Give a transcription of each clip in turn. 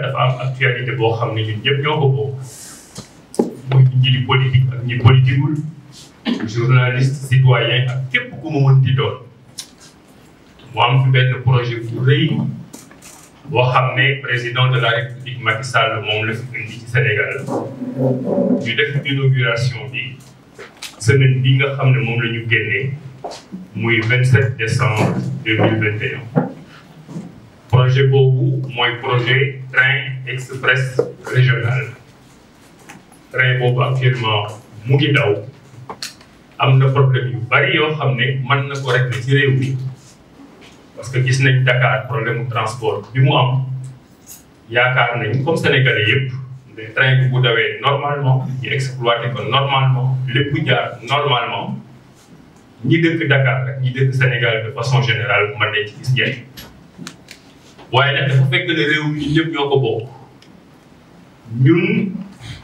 dafa am actualité boo xam ne ñun ñëpp ñoo ko bokk muy ñi citoyen ak képp ku mu mën mu am fi benn projet bu rëy boo xam ne président de la république Macky Sall moom la fi indi ci Sénégal ñu def inauguration bi semaine bi nga xam ne moom la ñu génnee décembre projet boobu mooy projet train express régional train boobu actuellement mu ngi daw am na problème yu bari yoo xam ne man na ko régler ci réew mi parce que gis nañ Dakar problème transport bi mu yaakaar nañ comme sénégalais yëpp les trains bi bu dawee normalement ñu exploité ko normalement lépp jaar normalement ñi dëkk Dakar ak ñi dëkk Sénégal de façon générale mën nañ ci gis njëriñ waaye nag dafa fekk ne réew mi ñëpp ñoo ko bokk ñun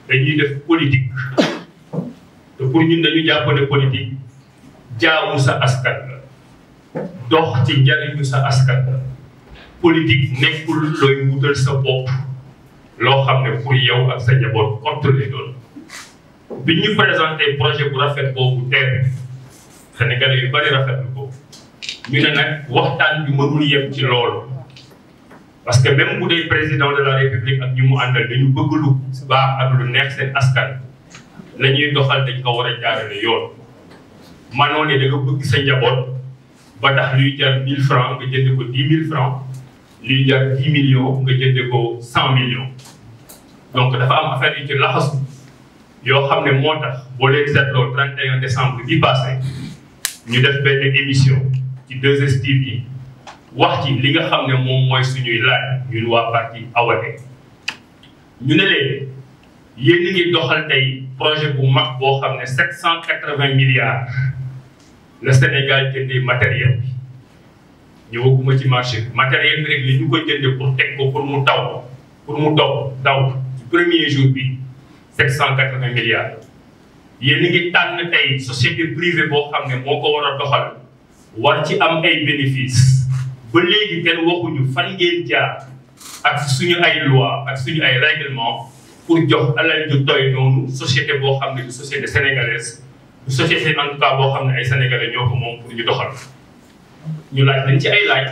dañuy def politique te pour ñun dañu jàpp ne politique jaamu sa askan la dox ci njariñu sa askan la politique nekkul looy wutal sa bopp loo xam ne pour yow ak sa njaboot contre lay doon bi ñu présenté projet bu rafet boobu teer Sénégalais yu bari rafetlu ko ñu ne nag waxtaan bi mënul yem ci lool parce que même bu dee président de la république ak ñi mu àndal dañu bëgg lu baax ak lu neex seen askan la doxal dañ ko war a jaarale yoon manoo ne da bëgg sa njaboot ba tax luy jar 1000 francs nga jënde ko 10 francs luy jar 10 millions nga jënde ko millions donc dafa am affaire yu ci laxasu yoo xam ne moo tax boo leen seetloo 31 décembre bi passé ñu def benn émission ci 2STV wax ci li nga xam ne moom mooy suñuy laaj ñun waa parti Awalé ñu ne leen yéen doxal tey projet bu mag boo xam ne sept cent quatre-vingts milliards le Sénégal jëndee matériel bi ñëwaguma marché bi matériel bi rek li ñu ko jëndee pour ko pour mu taw pour mu daw daw ci premier jour bi milliards yéen ngi tey société privée boo xam ne moo ko war a doxal war ci am ay bénéfices ba léegi kenn waxuñu fan ngeen jaar ak suñu ay loi ak suñu ay règlement pour jox alal ju doy noonu société boo xam ne du société sénégalaise du société en boo xam ne ay sénégalais ñoo ko moom pour ñu doxal ñu laaj nañ ci ay laaj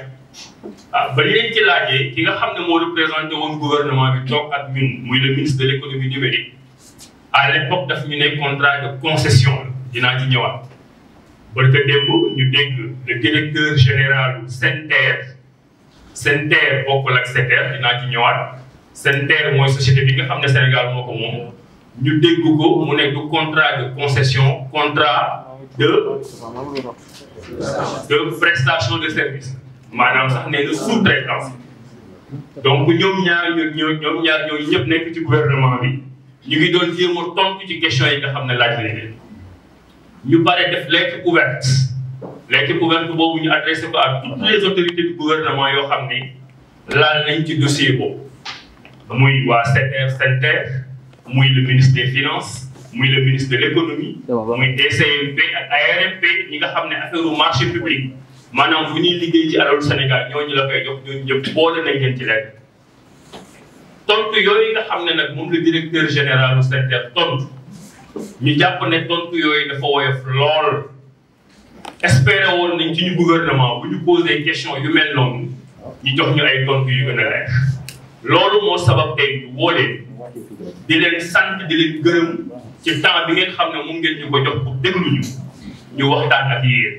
ah ba leen ki nga xam ne moo représenté woon gouvernement bi toog ak ñun muy le ministre de l' économie à l' daf ñu ne contrat de concession la dinaa ci ñëwaat barka démb ñu dégg le directeur général SENTER SENTER bokkul ak SETER dinaa ñëwaat SENTER mooy société bi nga xam ne Sénégal moo moom ñu dégg ko mu ne contrat de concession contrat de de prestation de service maanaam sax nee na sous-traitance donc ñoom ñaar ñoo ñoom ñaar ñooñu ñëpp nekk ci gouvernement bi ñu ngi doon jéem a tontu ci question yi nga xam ne laaj nañ ñu bare def lettre ouverte lettre ouverte boobu ñu adressé toutes les autorités du gouvernement yoo xam ni laal nañ ci dossier boobu muy waa SETER SENTER muy le ministre des finances muy le ministre de l' économie muy DCMP ak ARMP ñi nga xam ne affaire u i public maanaam bu ñuy liggéey ci alalu Sénégal ñooñu directeur général u SETER ñu jàpp ne tontu yooyu dafa woyof lool espéré woon nañ ci ñu gouvernement bu ñu posé question yu mel noonu ñu jox ñu ay tontu yu gën a leer loolu moo sabab tey ñu di leen sant di leen gërëm ci temps bi ngeen xam ne moom ngeen ñu ko jox pour déglu ñu ñu waxtaan ak yéen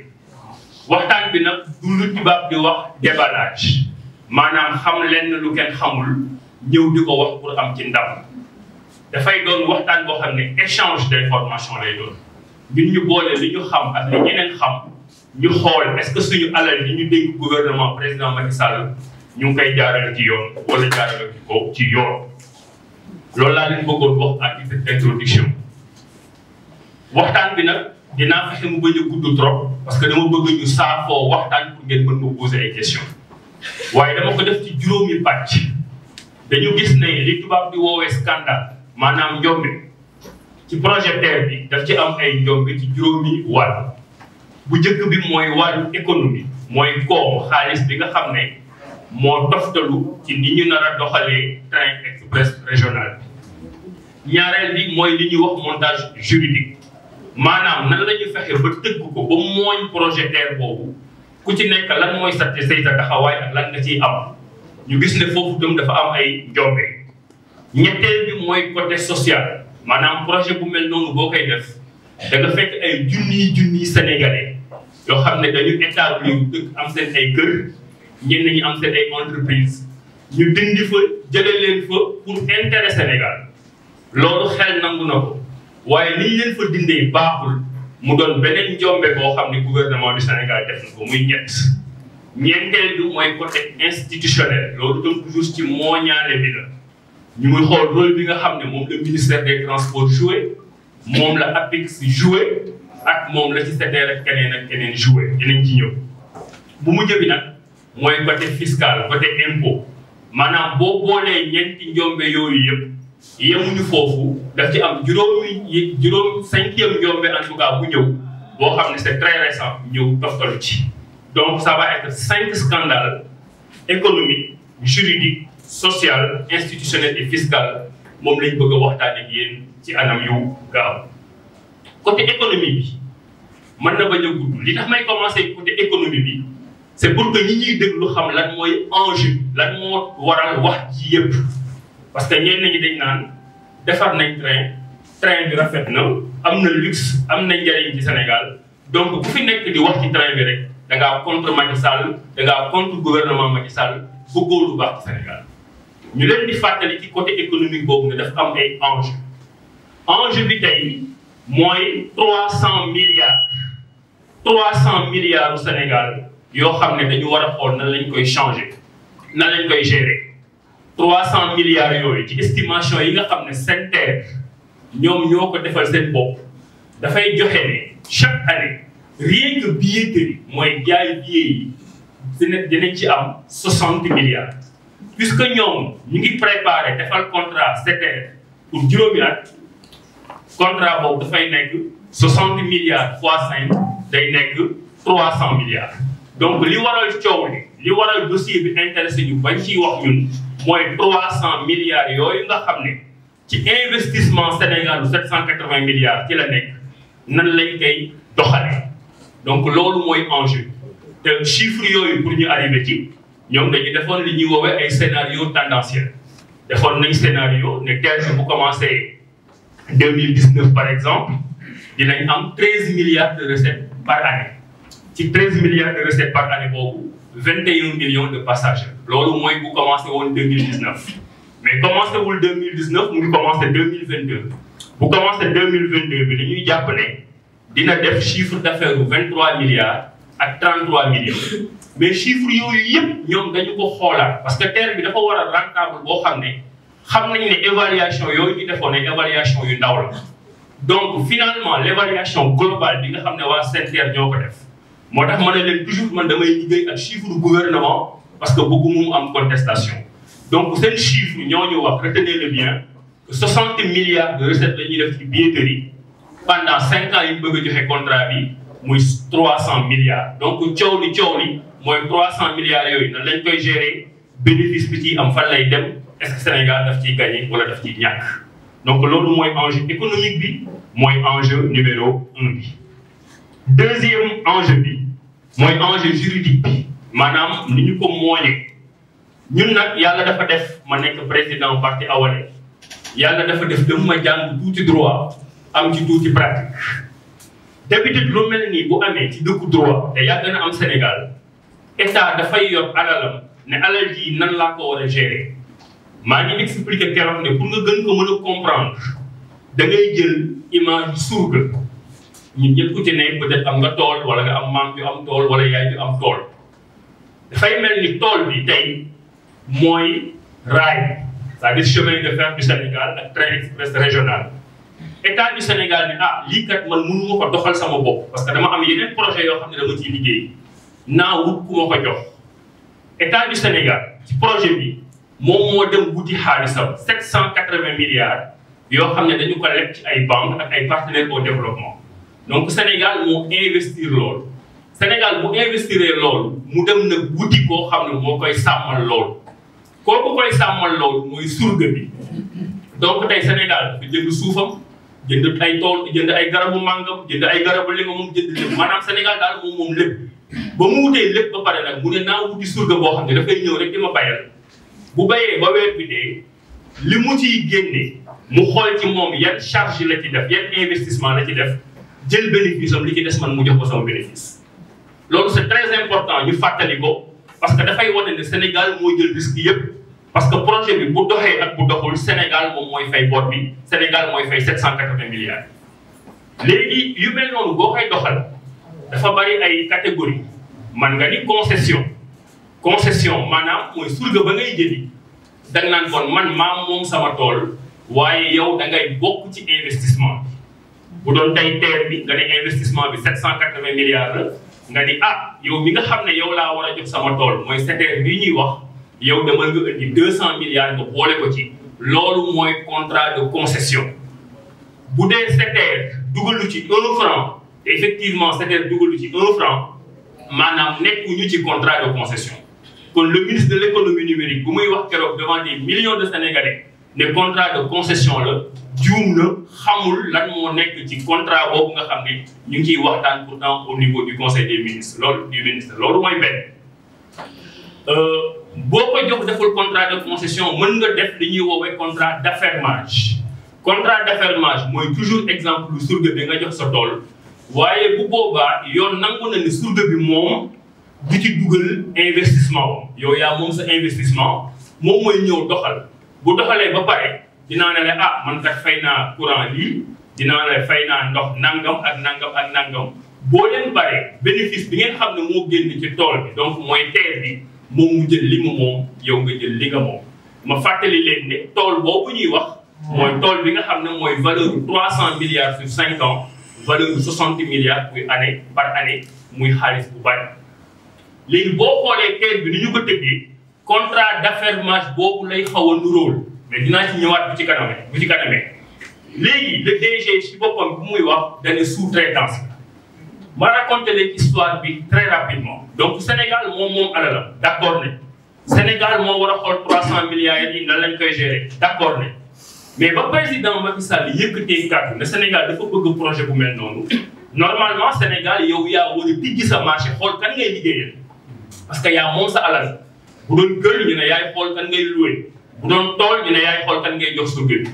waxtaan bi nag du lu tubaab di wax déballage maanaam xam leen lu kenn xamul ñëw di ko wax pour am ci ndam. dafay doon waxtaan boo xam ne échange d'information lay doon ñun ñu boole li ñu xam ak li ñeneen xam ñu xool est que suñu alal yi ñu dénk gouvernement président Macky Sall ñu ngi koy jaarale ci yoon wala jaarale ci kaw ci yoon loolu laa leen bëggoon wax à titre introduction waxtaan bi nag dinaa fexe mu bañ a gudd trop parce que dama bëgg ñu saafoo waxtaan pour ngeen mën ma poser ay questions waaye dama ko def ci juróomi pàcc dañu gis ne li tubaab di woowee scandale maanaam njombe ci projecteur bi daf ci am ay njombe ci juróomi wàll bu njëkk bi mooy wàllu économie mooy koom xaalis bi nga xam ne moo toftalu ci ni ñu nar a doxalee train express régional bi ñaareel bi mooy li ñuy wax montage juridique maanaam nan la ñu fexe ba tëgg ko ba mooñ projecteur boobu ku ci nekk lan mooy sa say sa taxawaay ak lan nga ciy am ñu gis ne foofu itam dafa am ay njombe ñetteel bi mooy côté social maanaam projet bu mel noonu boo koy def da fekk ay junniy junniy sénégalais yoo xam ne dañu établir dëkk am ay kër ñenn am seen ay entreprise ñu dindi fa jële leen ko waaye li ñu leen fa baaxul mu doon beneen njombe boo xam ne gouvernement du Sénégal def na ko muy ñett mooy côté institutionnel loolu doon toujours ci mooñaale bi la ñu ngi xool rôle bi nga xam ne moom la ministère des transports joué moom la APIX joué ak moom la ci SETER keneen ak keneen joué dinañ ci ñëw. bu mujj bi nag mooy côté fiscal côté impôt maanaam boo boolee ñeenti njombe yooyu yëpp yemuñu foofu daf ci am juróomi juróom cinquième njombe en tout cas bu ñëw boo xam ne c'est très récent ñëw toftalu ci. donc ça va être cinq scandales social institutionnelle et fiscale moom lañ bëgg a waxtaan ak ci anam yu gaaw côté économie bi mën na bañ a gudd li tax may commencé côté économie bi c'est pour que ñi ñuy déglu xam lan mooy enjeu lan moo waral wax ci yépp parce que ñenn ñi dañ naan defar nañ train train bi rafet na am na luxe am na njariñ ci Sénégal donc bu fi nekk di wax ci train bi rek da ngaa contre Macky Sall da ngaa contre gouvernement Macky Sall bëggoo lu baax ci Sénégal ñu leen di fàttali ci côté économique boobu ne dafa am ay enjeu enjeu bi tey mooy trois cent milliards cent milliards Sénégal yoo xam ne dañu war a na nan lañ koy changer nan lañ koy gérer trois cent milliards yooyu ci estimation yi nga xam ne SENTER ñoom ñoo ko defal seen dafay joxe ne chaque année mooy jaay billet yi dina dinañ ci am soixante milliards puisque ñoom ñu ngi préparé defal contrat c'était pour juróomi at contrat boobu dafay nekk soixante milliards fois cinq day nekk trois cent milliards. donc li waral coow li li waral dossier bi intéressé ñu bañ wax ñun mooy trois cent milliards yooyu nga xam ne ci investissement Sénégal bu sept cent quatre vingt milliards ci la nekk nan lañ koy doxalee donc loolu mooy enjeu te chiffre yooyu pour ñu arrivé ñoom dañu defoon li ñuy woowee ay scénario tendanciel defoon nañ scénario ne thèse bu commencé deux mille dix par exemple dinañ am treize milliards de recettes par année ci treize milliards de recettes par année boobu vingt et un millions de passagers. loolu mooy bu commencé woon deux mille mais commencé wul deux mille dix neuf mu ngi commencé deux mille vingt deux bu commencé deux ñuy jàpp ne dina def chiffre d'affaires bu vingt trois milliards. ak 33 millions mais chiffre yooyu yëpp ñoom dañu ko xoolaat parce que terre bi dafa war a rentable boo xam ne xam nañu ne évaluation yooyu ñu defoon ne évaluation yu ndaw la donc finalement l' évaluation globale bi nga xam ne waa SENTER ñoo ko moo tax ma ne leen toujours man damay liggéey ak chiffre gouvernement parce que bëggu mu am contestation donc seen chiffre ñoo ñu wax retenez le bien que milliards de recettes la ñuy def ci billetterie yi muy trois cent milliards donc coow li coow li mooy trois cent milliards yooyu na lañ koy gérer bénéfice bi ci am fan dem est-ce que Sénégal daf ciy gagné wala daf ciy ñàkk donc loolu mooy enjeu économique bi mooy enjeu numéro un bi deuxième enjeu bi mooy enjeu juridique bi maanaam ni ñu ko mooñee ñun nag yàlla dafa def ma nekk président parti Awalé yàlla dafa def dama ma jàng tuuti droit am ci tuuti pratique d'habitude lu mel nii bu amee ci dëkku droit te yàgg na am Sénégal état dafay yor alalam ne alal ji nan laa ko a gérer maa ngi expliqué keroog ne pour nga gën ko mën a comprendre da ngay jël image surga ñun ku ci ne am nga tool wala nga am maam yu am tool wala yaay yu am tool dafay mel ni tool bi tey mooy raay c'est-à-dire chemin de fer Sénégal ak train express régional état du Sénégal ne ah lii kat man mënu ma ko doxal sama bopp parce que dama am yeneen projet yoo xam ne dama ciy liggéey naa wut ku ma ko jox état du Sénégal ci projet bi moom moo dem wuti xaalisam 780 milliards yoo xam ne dañu ko leb ay banques ay partenaires au développement donc Sénégal moo investir loolu Sénégal mu investiree lool mu dem nag wuti koo xam ne moo koy sàmmal loolu kooku koy sàmmal loolu mooy surga donc tey Sénégal dafa jënd suufam. jënd ay tool jënd ay garabu màngam jënd ay garabu li nga moom jënd lépp maanaam Sénégal daal moom moom lépp ba mu wutee lépp ba pare nag mu ne naa wuti surga boo xam ne dafay ñëw rek di ma bayal bu bayee ba weer bi dee li mu ciy génne mu xool ci moom yan charge la ci def yan investissement la ci def jël bénéfice am li ci des man mu jox ko sama bénéfice loolu c'est très important ñu fàttali ko parce que dafay wane ne Sénégal moo jël risque yëpp parce que projet bi bu doxee ak bu doxul Sénégal moom mooy fay bor bi Sénégal mooy fay 780 milliards. léegi yu mel noonu boo koy doxal dafa bari ay catégorie man nga ni concession concession maanaam mooy surga ba ngay jëli danga naan kon man maam moom sama tool waaye yow da ngay bokk ci investissement bi. bu doon tey terre bi nga ne investissement bi 780 milliards la nga ni ah yow mi nga xam ne yow laa war a jox sama tool mooy SETER bi ñuy yow demal nga indi deux cent milliards nga boole ko ci loolu mooy contrat de concession bu dee SETER dugalu ci un franc effectivement SETER dugalu ci un franc maanaam nekkuñu ci contrat de concession kon le ministre de l' économie numérique bu muy wax keroog devant des millions de sénégalais ne contrat de concession la juum na xamul lan moo nekk ci contrat boobu nga xam ne ñu ngi ciy waxtaan pourtant au niveau du conseil des ministres loolu du ministre loolu mooy benn. Euh, boo ko jox deful contrat de concession mën nga def li ñuy woowee contrat d'affermage contrat d'affermage mooy toujours exemple lu surga bi nga jox sa tool waaye bu boobaa yoon nangu na ni bi moom du ci dugal investissement wam yow yaa moom sa investissement moom mooy ñëw doxal bu doxalee ba pare dinaa ne la ah man kat fay naa courant lii dinaa ne fay naa ndox nangam ak nangam ak nangam boo bare bénéfice bi ngeen xam ne moo génn ci tool bi mooy bi moom mu jël li mu moom yow nga jël li nga moom ma fàttali leen ne tool boobu ñuy wax mooy hmm. tool bi nga xam ne mooy valeur bu trois cent milliards sur cinq ans valeur bu année par année muy xaalis bu bari léegi boo xoolee kees bi ni ñu ko tëggee contrat d'affermage boobu lay xaw a nuróol mais dinaa ci ñëwaat bu ci kanamee bu ci kanamee léegi le DG ci boppam bu muy wax dañu sous-traitance ma raconté leen très rapidement donc Sénégal moom moom alalam d' accord ne Sénégal moo war a xool 300 milliards yi nan lañ koy gérer d' accord ne mais ba président Macky Sall yëkkatee kàddu ne Sénégal dafa bëgg projet bu mel noonu normalement Sénégal yow yaa war a tijji sa marché xool kan ngay liggéeyal parce que yaa moom sa alal bu doon gël a yaay xool kan ngay loué bu doon tool ñu ne yaay xool kan ngay jox surga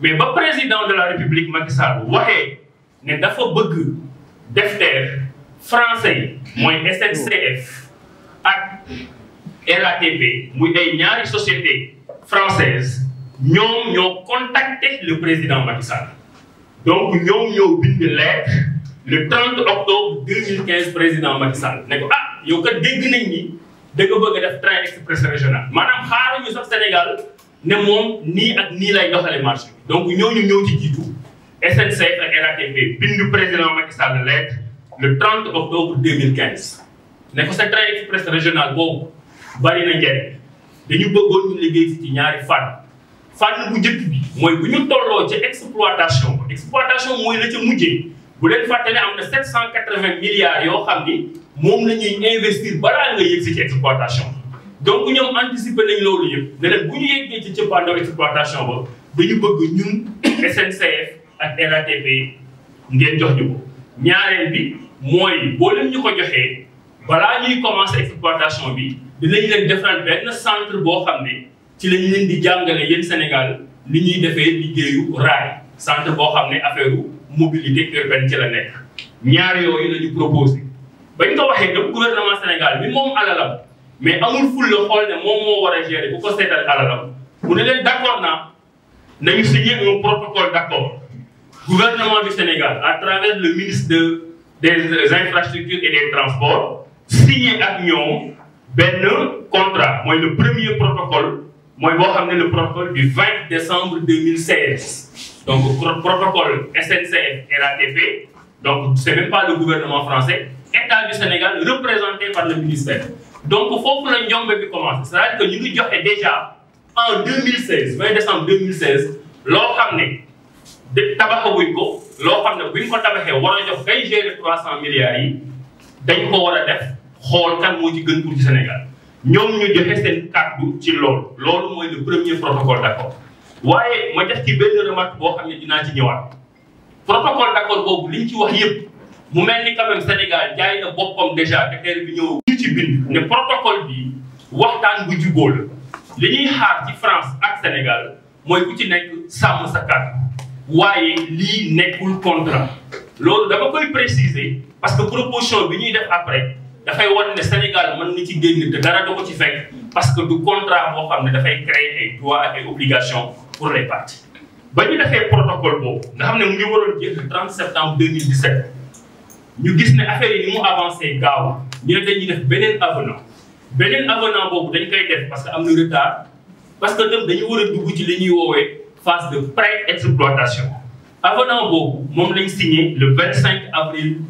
mais ba président de la république Macky Sall waxee ne dafa bëgg def français yi mooy SNCF ak RATP muy ay ñaari société française ñoom ñoo contacté le président Macky Sall donc ñoom ñoo bind lettre le 30 octobre 2015 président Macky ne ko ah yow kat dégg nañ ni da nga bëgg a def train express régional maanaam xaaruñu Sénégal ne moom nii ak nii lay doxale marché donc ñooñu ñëw ci jiitu SNCF ak RATP bind président Macky Sall lettre le 30 octobre 2015 ne ko sa train express boobu bari na njëriñ dañu bëggoon ñu liggéey ci ñaari fànn fànn bu njëkk bi mooy bu ñu tolloo ci exploitation exploitation mooy na ca mujjee bu leen fàtte ne am na 780 milliards yoo xam ni moom na ñuy investir balaa nga yëg si ci exploitation donc ñoom anticiper nañ loolu yëpp ne leen bu ñu yeggee ci cëppaandaw exploitation ba dañu bëgg ñun SNCF ak RATP ngeen jox ñu ko ñaareel bi mooy boo leen ñu ko joxee balaa ñuy commencer exploitation bi dinañ leen defal benn centre boo xam ne ci lañ leen di jàngale yéen Sénégal li ñuy defee liggéeyu raay centre boo xam ne affaire mobilité urbaine ci la nekk ñaar yooyu la ñu proposé bañ ko waxee gëm gouvernement Sénégal bi moom alalam mais a ful la xool ne moom moo war a gérer bu ko seetal alalam mu ne leen d'accord naa nañu signé un protocole d'accord gouvernement du Sénégal le ministre de des infrastructures et des transports signé ak ñoom contrat le premier protocole mooy boo xam le protocole du décembre donc protocole SNCF RATP donc c'est même pas le gouvernement français état Sénégal représenté par le ministère donc foofu la njombe bi commencé c'est-à-dire que déjà en décembre 2016 loo de tabaxaguñ ko loo xam ne buñ ko tabaxee war a jox kay gérer trois yi dañ ko war a def xool kan moo ci gën pour ci Sénégal ñoom ñu joxe seen kàddu ci loolu loolu mooy le premier protocole d'accord waaye ma def ci benn remarque boo xam ne dinaa ci ñëwaat protocole d'accord boobu liñ ci wax yëpp mu mel ni quand même Sénégal jaay na boppam déjà te bi ñëw ñu ci bind ne protocole bi waxtaan bu jubóo li ñuy xaar ci France ak Sénégal mooy ku ci nekk waaye lii nekkul contrat loolu dama koy préciser parce que proposition bi ñuy def après dafay wan ne Sénégal man na ci génn te dara du ko ci fekk parce que du contrat moo xam ne dafay créer ay droits ak pour les parties. ba ñu defee protocole boobu nga xam ne mu ngi waroon jeex le 30 septembre 2017 ñu gis ne affaire ni mu avancé gaaw ñu ne dañuy def beneen avenant beneen avenant boobu dañ koy def parce que am na retard parce que tam dañu war a ñuy woowee. phase de pré-exploitation avenant boobu moom lañ signé le avril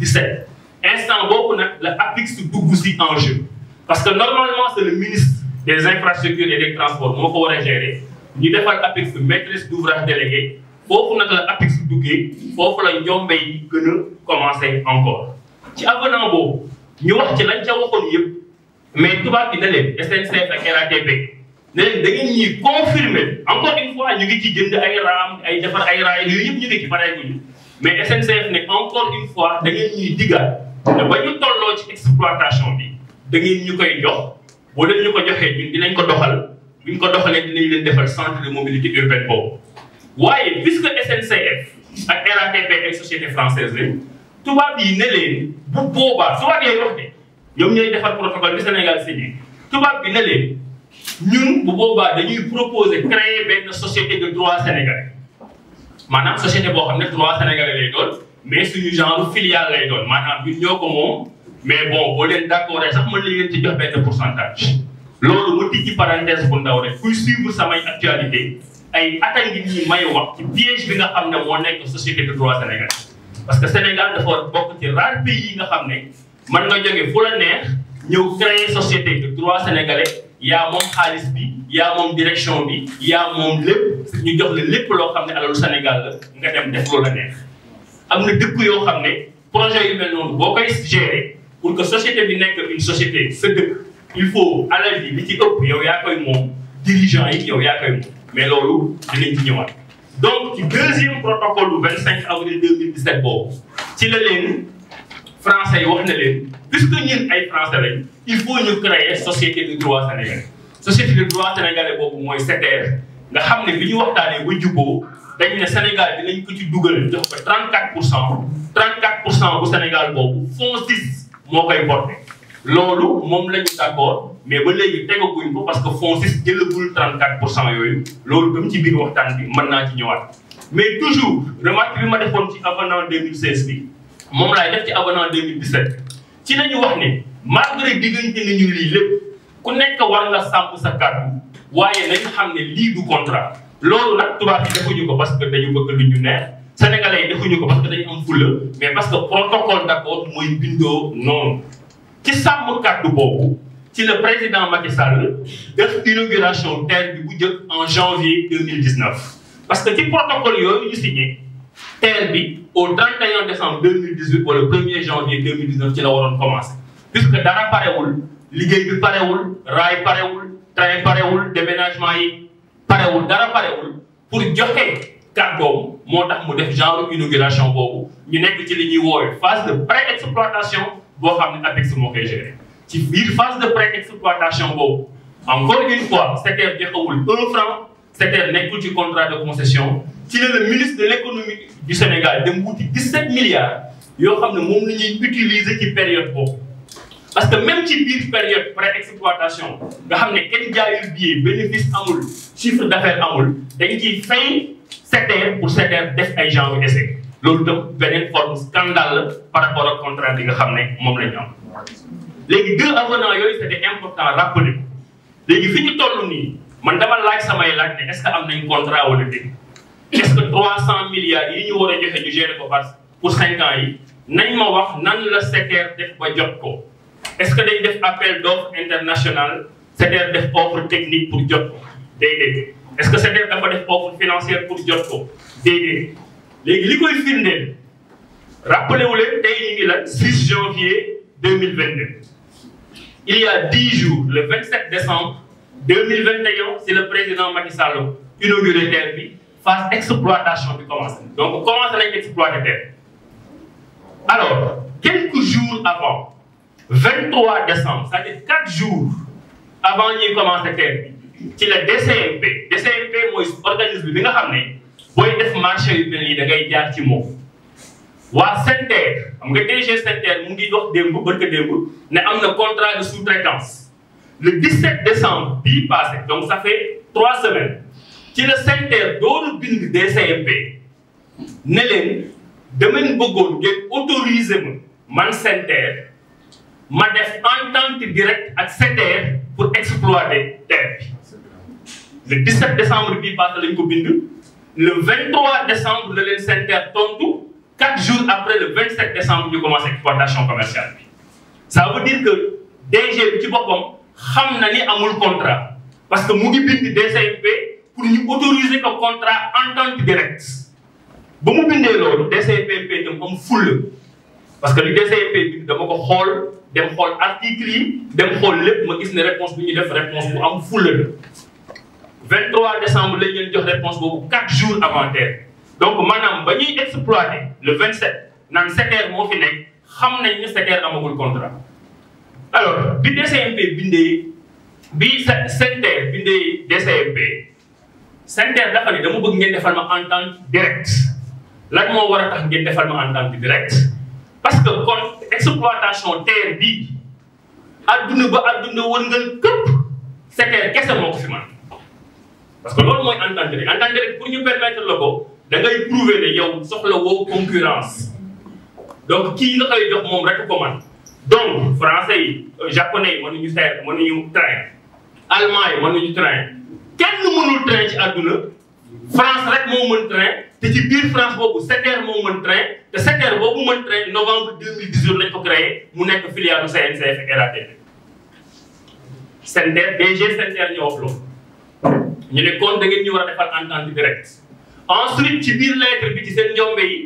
instant boobu nag la APIX dugg si en jeu parce que normalement c'est le ministre des infrastructures et des transports moo ko war a gérer ñu defal APIX maîtrise d'ouvrage délégué foofu nag la APIX duggee foofu la njombe yi gën a commencer encore ci avenant boobu wax ci lañ ca waxoon yëpp mais tubaab bi na leen SNCF ak RATP léegi da ngeen ñuy confirmer encore une fois ñu ngi ci jënd ay raam ay defar ay raay yooyu yëpp ñu ngi ci pare ko ne encore une fois da ngeen ñuy diggaat ne ba ñu tolloo exploitation bi da ngeen ñu koy jox boo leen ñu ko joxee ñun dinañ ko doxal bu ñu ko doxalee dinañ leen defal centre de mobilité urbaine boobu. waaye puisque SNCF ak RATP ay société française lañ tubaab yi ne leen bu boobaa tubaab yooyu wax de ñoom ñooy defar protocole bi Sénégal signé tubaab bi ne leen. ñun bu boobaa dañuy proposer créer benn société de droit sénégalais maanaam société boo xam ne droit sénégalais lay doon mais suñu genre filiale doon maanaam ñun ko moom mais bon boo leen d'accord sax mën nañ leen ci jox benn pourcentage. loolu mu tijji parenthèse bu ndaw rek kuy suivre samay actualité ay attaques ngi ñuy may wax ci piège bi nga xam ne moo nekk société de droit sénégalais parce que Sénégal dafa bokk ci rare pays yi nga xam ne mën nga jóge fu la ñëw créer société yaa moom xaalis bi yaa moom direction bi yaa moom lépp ñu jox la lépp loo xam ne alalu Sénégal la nga dem def loolu neex am na dëkk yoo xam ne projet yu mel noonu boo koy gérer pour que société bi nekk une société sa dëkk il faut alal bi li ci ëpp yow yaa koy moom dirigeant yi yow yaa koy moom mais loolu dinañ ci ñëwaat donc ci deuxième protocole bu 25 avril 2017 boobu ci la leen français yi wax na leen puisque ñun ay français lañ il faut ñu créer société de droit sénégalais société de droit sénégalais boobu mooy SETER nga xam ne bi ñu waxtaanee ba jubboo dañ ne Sénégal dinañ ko ci dugal jox ko 34 pour cent 34 pour cent bu Sénégal boobu FONSIS moo koy porté loolu moom la ñu mais ba léegi tegaguñ ko parce que FONSIS jëlagul 34 pour cent yooyu loolu ba mu ci biir waxtaan bi mën naa ci ñëwaat mais toujours remarque bi ma defoon ci avenant 2016 bi. moom laay def ci abonnement 2017 ci la ñu wax ne malgré diggante na ñu lii lépp ku nekk war nga sàmp sa kàddu waaye nañu xam ne lii du contrat loolu nag tubaab yi defuñu ko parce que dañu bëgg lu ñu neex sénégalais yi defuñu ko parce que dañu am fulla mais parce que protocole d'accord mooy bindoo noonu ci sàmm kaddu boobu ci le président Macky Sall def inauguration terre bi bu jëkk en janvier 2019 parce que ci protocole yooyu ñu signé terre bi au 31 décembre 2018 wala 1er janvier 2019 ci la waroon commencé puisque dara parewul liggéey bi parewul raay parewul train parewul déménagement yi parewul dara parewul pour joxe kàddoom moo tax mu def genre inauguration boobu ñu nekk ci li ñuy woowee phase de pré-exploitation boo xam ne ci biir phase de pré-exploitation boobu encore une fois SETER joxewul un franc SETER nekkul ci contrat ci la le ministre de l' économie du Sénégal dem wuti 17 milliards yoo xam ne moom la ñuy utiliser ci période boobu. parce que même ci biir période pré-exploitation nga xam ne kenn jaayul billet bénéfice amul chiffre d'affaires amul dañ ciy fay SETER pour SETER def ay genre essai loolu tam scandale par rapport ak contrat bi nga xam ne moom la ñu am. léegi deux avenants yooyu c'était important rappeler léegi fi ñu toll nii man dama laaj samay laaj ne est-ce que yi ñu war a joxe ñu gérer ko parce pour cinq ans yi nañ wax nan la SETER def ba jot ko est-ce que dañ def appel d'offre international SETER def offre technique pour jot ko est-ce que dafa def offre financière pour jot ko déedéet li koy firndeel rappelé wu leen tey ñu ngi la 6 janvier 2022 il y a 10 jours le 27 si le président Macky Sall inauguré bi phase exploitation bi commencé donc commencé nañ exploiter terre alors quelques jours avant 23 décembre c'est-à-dire 4 jours avant ñuy commencé terre bi ci la DCMP DCMP mooy organisme bi nga xam ne booy def marché yu mel nii da ngay jaar ci moom. waa SENTER xam nga DG SENTER mu ngi wax démb barka ne am na contrat de sous-traitance le 17 décembre bii passé donc ça fait 3 semaines. ci la SENTER dooru bind DCMP ne leen dama bëggoon ngeen autoriser ma man SENTER ma def entente directe ak SETER pour exploiter terre bi le 17 décembre bii passé lañ ko bind le 23 décembre la leen SENTER tontu 4 jours après le 27 décembre ñu commencé exploitation commerciale bi ça veut dire que DG bi ci boppam xam na ni amul contrat parce que mu ngi bind DCMP pour ñu autoriser ko contrat entente direct ba mu bindee loolu DCPP tam am fulla parce que li DCPP dama ko xool dem xool article dem xool lépp ma gis ne réponse bu ñu def réponse bu am fulla la 23 décembre lañ leen jox réponse boobu 4 jours avant terre donc maanaam ba ñuy exploité le 27 naan SECER moo fi ne xam nañ ne SECER amagul contrat alors bi DCMP bindee bi SENTER bindee DCMP. SENTER dafa ne dama bëgg ngeen defal ma entente directe lan moo war a tax ngeen defal ma entente directe parce que kon exploitation terre bii adduna ba adduna wërngal këpp SENTER kese moo ko fi man parce que loolu mooy entente directe entente directe pour ñu permettre la ko da ngay prouver ne yow soxla woo concurrence donc kii nga koy jox moom rek ko man donc français yi japonais yi mënuñu seet mënuñu train allemand yi kenn mënul train ci àdduna France rek moo mën train te ci biir France boobu SETER moo mën train te SETER boobu mën train novembre 2018 lañ ko créé mu nekk filiale bu CNCF ak RATP SETER DG SETER ñoo wax loolu ñu ne kon da ngeen ñu war a defal entente directe ensuite ci biir lettre bi ci seen njombe yi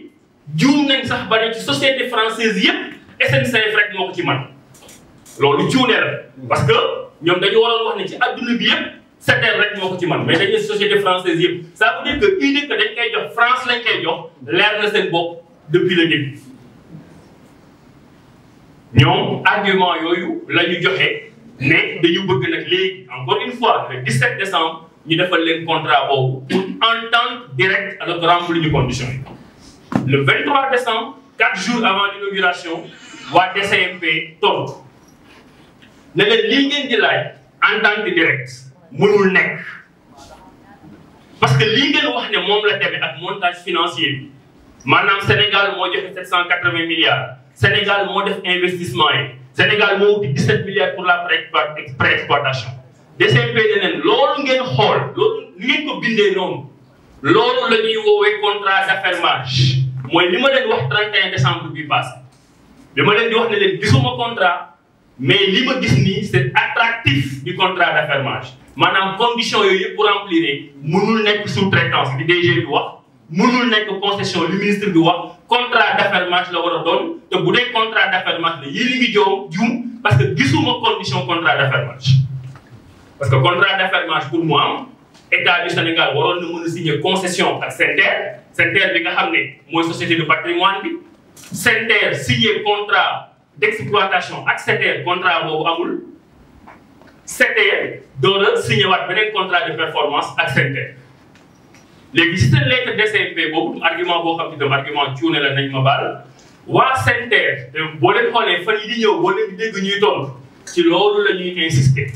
juum nañ sax bari ci société française yépp SNCF rek moo ko ci man loolu juune la parce que ñoom dañu waroon wax ne ci adduna bi SETER rek moo ko ci man mais dañuy société française yëpp ça veut dañ koy jox France lañ koy jox leer na seen bopp depuis le début ñoom argument yooyu la ñu joxe ne dañu bëgg nag léegi encore une fois le décembre ñu defal leen contrat boobu pour entente directe alors que remplir ñu condition yi le 23 décembre quatre jours avant l'inauguration waa DCMP tontu ne leen lii ngeen di entente directe mënul nekk parce que lii ngeen wax ne moom la demee ak montage financier bi maanaam Sénégal moo joxe 780 milliards Sénégal moo def investissement Sénégal moo wuti milliards pour la pré-exploitation DCMP ne leen loolu ngeen xool loolu li ngeen ko bindee noonu loolu la ñuy woowee contrat mooy li ma leen wax 31 décembre bi passé li ma leen di wax ne leen gisuma contrat mais li ma gis nii c'est attractif du contrat d'affermage maanaam condition yooyu yëpp bu remplir mënul nekk sous li DG bi wax mënul nekk concession li ministre bi wax contrat d'affermage la war doon te bu dee contra d'affermage la yéen a ngi joom jum parce que gisuma condition contrat d'affermage parce que contrat d'affermage pour moi am état du Sénégal waroon na mën a signer concession ak SENTER SENTER bi nga xam ne mooy société de patrimoine bi SENTER signer contrat d'exploitation ak SENTER contrat boobu amul c'était e door a signé waat beneen contrat de performance ak SENTER léegi si seen lettre DCMP e boobu argument boo xam ne tam argument cuune la nañ ma baal waa SENTER boo leen fan yi di ñëw boo leen di dégg ñuy toll ci loolu la ñuy insister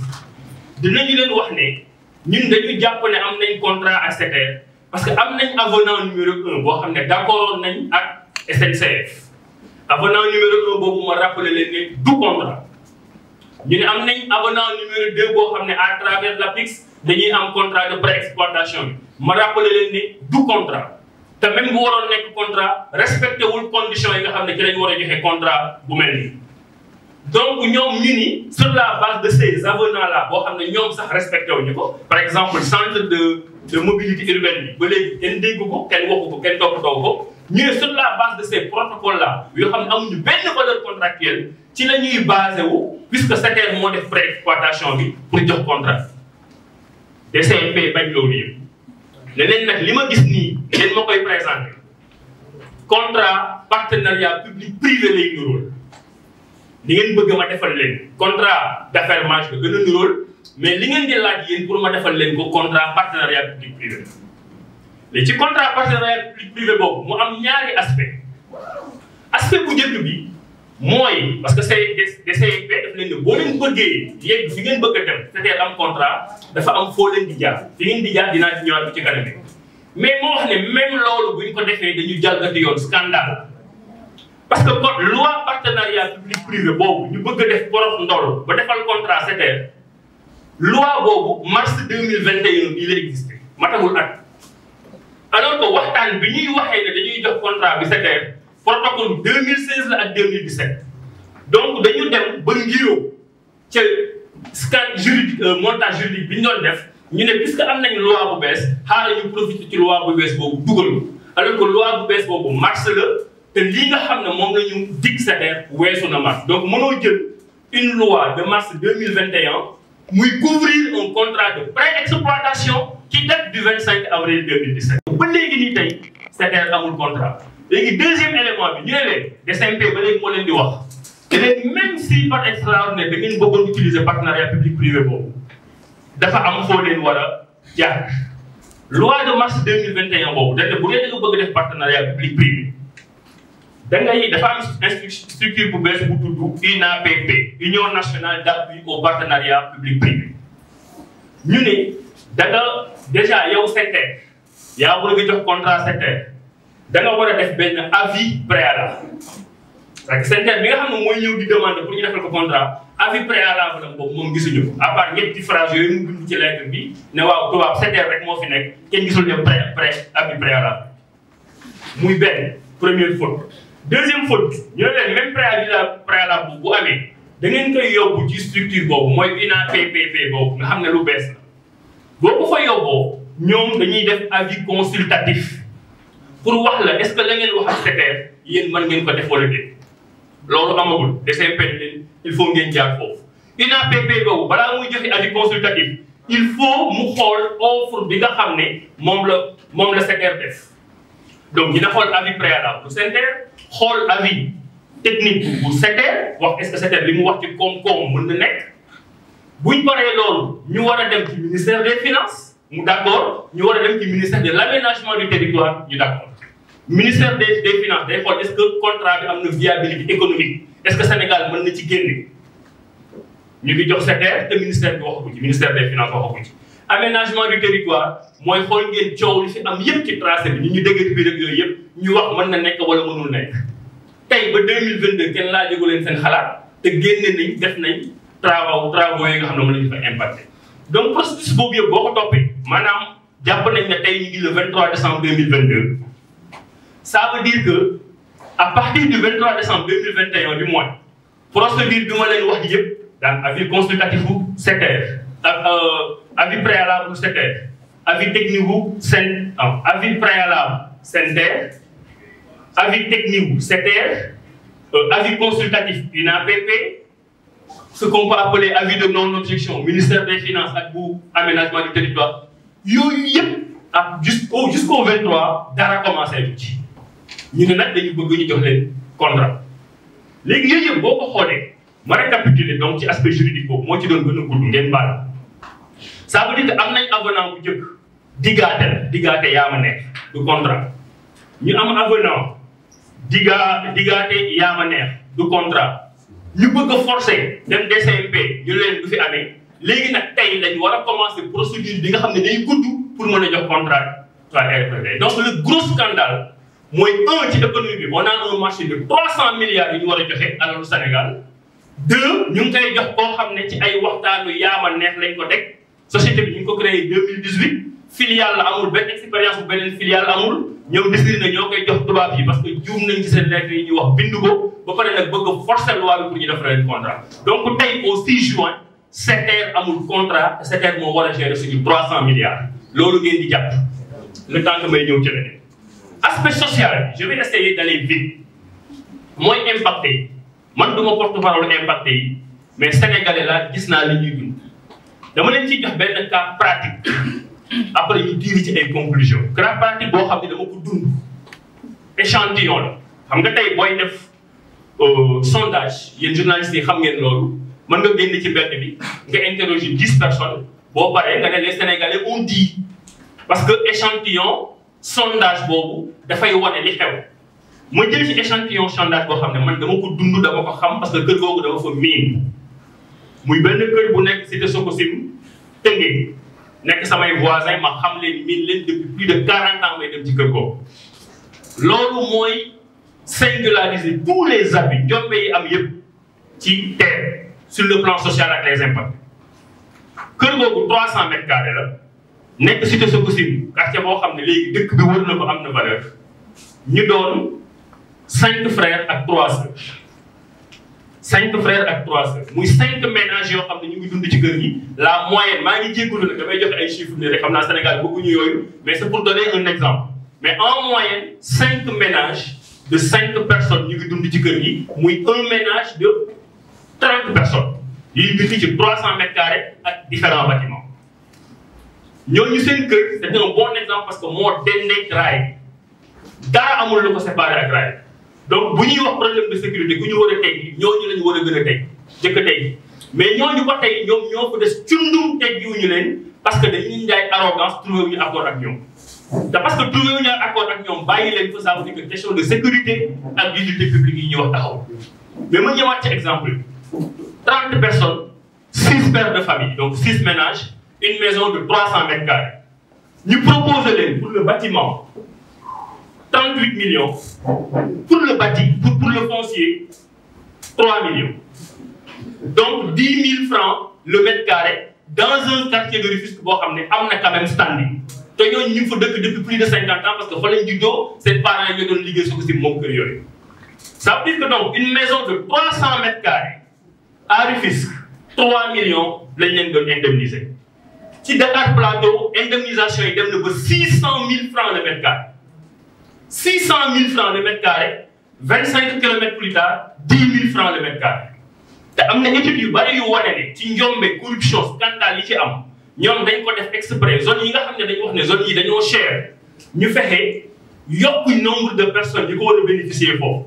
dinañu leen wax ne ñun dañu jàpp ne am nañ contrat ak SENTER parce que am nañ avenant numéro un boo xam ne d'accord nañ ak SNCF avenant numéro un boobu ma rappelé leen ne du contrat ñu ne am nañ avenant numéro 2 boo xam ne à travers l'APIX dañuy am contrat de pré-exploitation ma rappelé leen du contrat te même bu waroon nekk contrat respecté wul conditions yi nga xam ne ci lañ war a joxe contrat bu mel nii. donc ñoom ñu ni sur la base de ces avenants là boo xam ne ñoom sax respecté wuñu ko par exemple centre de de mobilité urbaine bi ba léegi kenn déggu ko kenn waxu ko kenn toppatoo ko. ñu ne sur la base de ces protocoles là yoo xam ne amuñu benn valeur contractuelle ci la ñuy basé wu puisque moo def pré-exploitation bi pour jox contrat DCMP bañ loolu yëpp ne leen li ma gis nii leen ma koy présenté contrat partenariat public privé lay nuróol li ngeen bëgg ma defal leen contrat d'affermage ko gën a nuróol mais li ngeen di laaj yéen pour ma defal leen ko contrat partenariat public privé mais ci contrat partenariat public privé boobu mu am ñaari aspect aspect bu njëkk bi mooy parce que c'est DCP daf leen ngeen bëgg dem c'est-à-dire contrat dafa am foo leen di jaar fi ngeen dinaa ci ñëwaat bu ci kanam mais moo wax ne même loolu bu ñu ko defee dañu jàlgati yoon scandale parce que kon loi partenariat public privé boobu ñu bëgg a def borof ndol ba defal contrat c'est-à-dire boobu mars deux mille vingt et un bii la existé matagul at alors que waxtaan bi ñuy waxee ne dañuy jox contrat bi secret protocole 2016 la ak 2017 donc dañu dem ba ngiroo ca scandale juridique euh, montage juridique bi ñu def ñu ne puisque am nañ loi bu bees xaaral ñu profité ci loi bu bees boobu dugal alors que loi bu bees boobu mars la te lii nga xam ne moom la ñu dig weesu na mars donc mënoo jël une loi de mars 2021 muy couvrir un contrat de pré-exploitation qui date du 25 avril 2017. ba léegi nii tey SETER amul contrat léegi deuxième élément bi ñu ne leen DSMP ba léegi moo leen wax te léegi même si par extraordinaire da ngeen bëggoon utiliser partenariat public privé boobu dafa am foo leen war a jaar. loi de mars 2021 boobu dañ ne bu bëgg def partenariat public privé da ngay dafa am structure bu bees bu tudd UNAPP Union nationale d'appui au partenariat public privé ñu ne da déjà yow sectaire yaa war a jox contrat sectaire da war a def benn avis préalable parce que sectaire bi nga xam ne mooy ñëw di demande pour ñu defal ko contrat avis préalable la boobu moom gisuñu ko à part ñetti rek moo fi nekk kenn gisul ne pré muy benn première faute. deuxième faute ñu ne leen même préavis préalable bu amee da ngeen koy yóbbu ci structure boobu mooy INAPPP boobu nga xam ne lu bees boo ko fa yóbboo ñoom dañuy def avis consultatif pour wax la est-ce que la ngeen wax ak secrétaire yéen man ngeen ko def wala déet loolu amagul desee pen leen il faut ngeen jaar foofu UNAPP boobu balaa muy joxe avis consultatif il faut mu xool offre bi nga xam ni moom la moom la secrétaire def donc dina xool avis préalable bu secrétaire xool avis technique bu secrétaire wax est-ce que secrétaire li mu wax ci koom-koom mën nekk buñ paree loolu ñu war a dem ci ministère des finances mu d' accord ñu war a dem ci ministère de l' aménagement du territoire ñu d' accord ministère des des finances day xool est ce que contrat bi am na viabilité économique est ce que Sénégal mën na ci génne ñu ngi jox secteur te ministère bi waxu ko ci ministère des finances waxu ko ci. aménagement du territoire mooy xool ngeen coow li fi am yëpp ci tracé bi ñu dégg bi rek yooyu yëpp ñu wax mën na nekk wala mënul nekk tey ba deux mille vingt deux kenn laa jógu leen seen xalaat te génne nañ def nañ. travaux travaux yi nga xam ne moom la ñu fa impacté donc processus boobu yëpp boo ko toppee maanaam jàpp nañ ne tey ñu ngi le 23 décembre 2022 ça veut dire que à partir du 23 décembre 2021 du mois procédure bi ma leen wax yëpp daan avis consultatif bu SECAR ak euh, avis préalable bu SECAR avis technique bu SEN avis préalable avis technique bu SETER euh, avis consultatif UNAPP ce qu'on peut appeler avis de non-objection ministère des finances ak bu aménagement du territoire yooyu yëpp ah jusqu'au jusqu'au 23 dara commencé bi ci ñu ne nag dañu bëgg ñu jox leen contrat léegi yooyu yëpp boo ko xoolee ma récapituler donc ci aspect juridique boobu moo ci doon gën a gudd ngeen baal ça que am nañ avenant bu njëkk diggante diggante yaa ma neex du contrat ñu am avenant digga diggante neex du contrat ñu bëgg a forcer dem DCMP ñu leen du fi amee léegi nag tey lañu war a commencer procédure bi nga xam ne day gudd pour mën a jox contrat RPV donc le gros scandale mooy un ci économie bi on a un marché de trois cent milliards yu ñu war a joxe alalu Sénégal deux ñu ngi koy jox koo xam ne ci ay waxtaanu yaama neex lañ ko teg société bi ñu ngi ko créé deux mille dix huit filiale la amul benn expérience bu beneen filiale amul ñoom disiri na ñoo koy jox tubaab yi parce que juum nañ ci seen lettre yi wax bind ko ba pare nag bëgg a forcer loi bi pour def leen contrat donc tey au 6 juin SETER amul contrat SETER moo war a gérer suñu 300 milliards loolu ngeen di jàpp le temps que may ñëw ci leneen aspect social je vais essayer d'aller vite mooy impacté man du ma porte yi mais sénégalais laa gis naa li ñuy dund dama leen ciy jox benn cas pratique après ñu diiri ci ay conclusion grande partie boo xam ne dama ko dund échantillon la xam nga tey booy def euh, sondage yéen journalistes yi xam ngeen loolu mën nga génn ci mbedd bi nga interroger dix boo paree nga ne les sénégalais ont dit parce que échantillon sondage boobu dafay wone li xew ma jël ci échantillon sondage boo xam ne man dama ko dund dama ko xam parce que kër googu dama fa miin muy benn kër bu nekk cité Sococim Tëngéej nekk samay voisin ma xam leen miin leen depuis plus de quarante ans may dem ci kër loolu mooy singulariser tous les abus njombe yi am yëpp ci terre sur le plan social ak les impacts kër googu trois cent mètres carrés la nekk cité Sococim quartier boo xam ne léegi dëkk bi wër na ko am na valeur ñu doon cinq frères ak trois sœurs cinq frères ak trois sœurs muy cinq ménages yoo xam ne ñu ngi dund ci kër gi la moyenne maa ngi jéggalu nag damay joxe ay chiffres ne rek xam naa Sénégal bëgguñu yooyu mais c'est pour donner un exemple mais en moyenne cinq ménages de cinq personnes ñu ngi dund ci kër gi muy un ménage de trente personnes yuy dund ci trois cent mètres carrés ak différents bâtiments ñooñu seen kër c'est un bon exemple parce que moo dendeeg raay dara amul lu ko séparé ak raay donc bu ñuy wax problème de sécurité ku ñu war a tey ñooñu lañu war a gën a tey jëkk tey mais ñooñu ba tey ñoom ñoo ko des cundum teggiwuñu leen parce que dañuy jaay arrogance trouvé wu ñu accord ak ñoom te parce que trouvé wu ñu accord ak ñoom bàyyi leen fa ça veut de sécurité ak utilité publique yi ñuy wax taxaw mais ma ñëwaat ci exemple bi trente personnes six pères de famille donc six ménages une maison de trois cent mètres ñu proposé leen pour le bâtiment 38 millions pour le bâti pour le foncier 3 millions donc 10 000 francs le mètre carré dans un quartier de Rufisque boo xam ne am na quand même standing te ñooñu ñu ngi fa dëkk depuis de 50 ans parce que fa lañ juddoo seen parents yi ñoo doon liggéey su ko si moom kër yooyu. ça veut à Rufisque 3 millions lañ leen doon indemniser ci Dakar Plateau indemnisation yi dem na ba 600 000 francs le mètre six cent mille francs le mètre carré vingt cinq kilomètres plus tard dix mille francs le mètre carré te am na études yu bari yu wane ne ci njombe corruption scandale yi ci am ñoom dañ ko def exprès zone yi nga xam ne dañu wax ne zone yi dañoo cher ñu fexe yokk nombre de personnes yi ko war a bénéficier foofu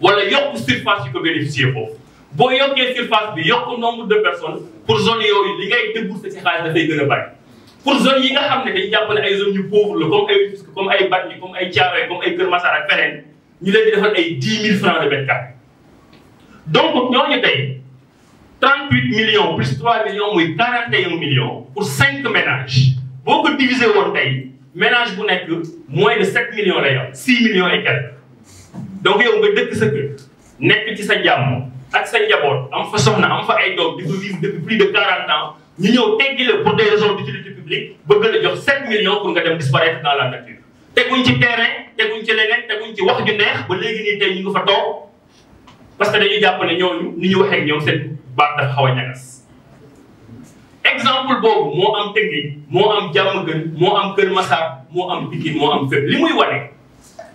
wala yokk surface yi ko bénéficier foofu boo yokkee surface bi yokk nombre de personnes pour zone yooyu li ngay débourser ci xaalis dafay gën a bari pour zone yi nga xam ne dañ jàpp ne ay zone yu pauvre la comme ay comme ay Bargny comme ay Thiaroye comme ay Kër Massar ak feneen ñu leen defal ay dix mille francs de mètre carré donc ñooñu tey trente huit millions plus trois millions muy quarante et un millions pour cinq ménages boo ko diviser woon tey ménage bu nekk moins de sept millions lay six millions et quelques donc yow nga dëkk sa kër nekk ci sa jàmm ak sa njaboot am fa soxna am fa ay doom di ko vivre de quarante ñu ñëw teggi la pour des raisons d'utilité publique bëgg la jox 7 millions pour nga dem disparaître dans la nature teguñ ci terrain teguñ ci leneen teguñ ci wax ju neex ba léegi nii tey ñu ngi fa toog parce que dañuy jàpp ne ñooñu ni ñu waxee ak ñoom seen baat dafa xaw a ñagas exemple boobu moo am Tëngéej moo am jàmm moo am Kër Massar moo am Pikine moo am fépp li muy wane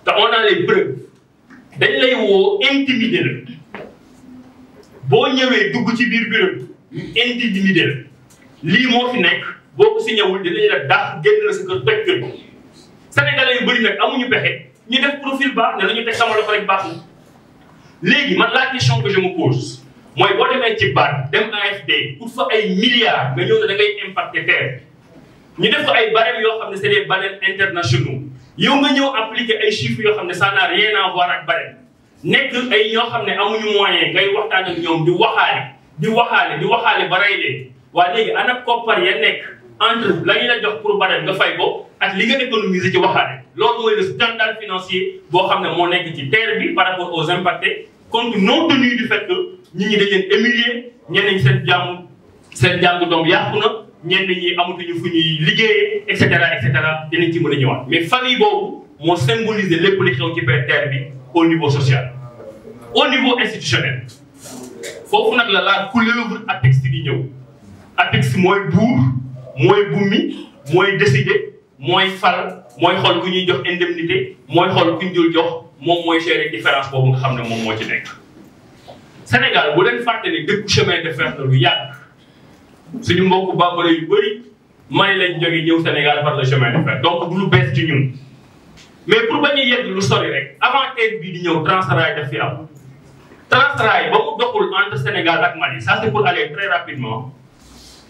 te on a les preuves dañ lay woo intimider boo ñëwee dugg ci biir bureau intimider la lii moo fi nekk boo ko signé wul dinañ la dàq génn la sa kër toj kër sénégalais yu bëri nag amuñu pexe ñu def profil baax ne la ñu teg sama loxo rek baax léegi man la question que je me pose mooy boo demee ci baat dem AFD pour fa ay milliards nga ñëw ne da ngay impacter terre ñu def ko ay barèmes yoo xam ne c'est des barèmes internationaux yow nga ñëw appliquer ay chiffres yoo xam ne ça n'a rien à voir ak barème nekk ay ñoo xam ne amuñu moyen ngay waxtaan ak ñoom bi waxaale di waxaale di waxaale ba rey leen waaye léegi ana koppar ya nekk entre la ñu la jox pour Badane nga fay ko ak li nga économiser ci waxaane loolu mooy le scandale financier boo xam ne moo nekk ci terre bi par rapport aux impactés compte non tenu du fait que nit ñi dañ leen humilier ñenn ñi seen jàmm seen jàngu doom yàqu na ñenn ñi amatuñu fu ñuy liggéeyee et cetera et cetera dinañ ci mën a ñëwaat mais famille boobu moo symboliser lépp li xew ci biir terre bi au niveau social au niveau institutionnel foofu la la couleur ak yi ñëw APIX mooy buur mooy bummi mooy décider mooy fal mooy xool ku ñuy jox indemnité mooy xool ku ñu dul jox moom mooy gérer différence boobu nga xam ne moom moo ci nekk. Sénégal bu leen fàtte ne dëkku chemin de fer la lu yàgg suñu mbokku bambara yu bëri Mali lañ jógee ñëw Sénégal par le chemin de fer donc du lu bees ci ñun. mais pour bañ a yegg lu sori rek avant aide bii di ñëw Transrail daf fi am Transrail ba mu doxul entre Sénégal ak Mali ça c'est pour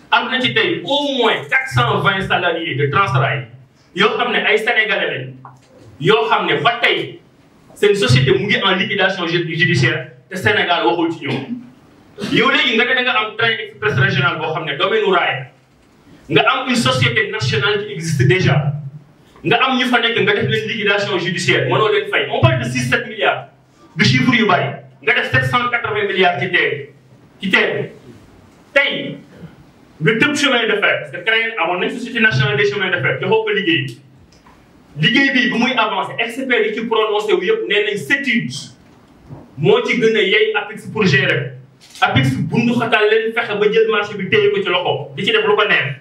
am na ci tey au moins quatre cent vingt salariés de Transrail yoo xam ne ay sénégalais lañ yoo xam ne ba tey seen société mu ngi en liquidation judiciaire te Sénégal waxul ci ñoom. yow léegi nga ne da am train express régional boo xam ne domaine u raay nga am une société nationale qui existe déjà nga am ñu fa nekk nga def leen liquidation judiciaire mënoo leen fay on parle de six sept milliards du chiffre yu bari nga def sept cent quatre vingt milliards ci teer tey. nga tëb chemin de fer parce que CREI amoon nationale des chemins de fer joxoo ko liggéey liggéey bi bu muy avancé experts yi ci prononcé wu yëpp nee nañ CETUD moo ci gën a yey APIX pour gérer APIX bundu xatal leen fexe ba jël marché bi téye ko ci loxo di ci def lu ko neex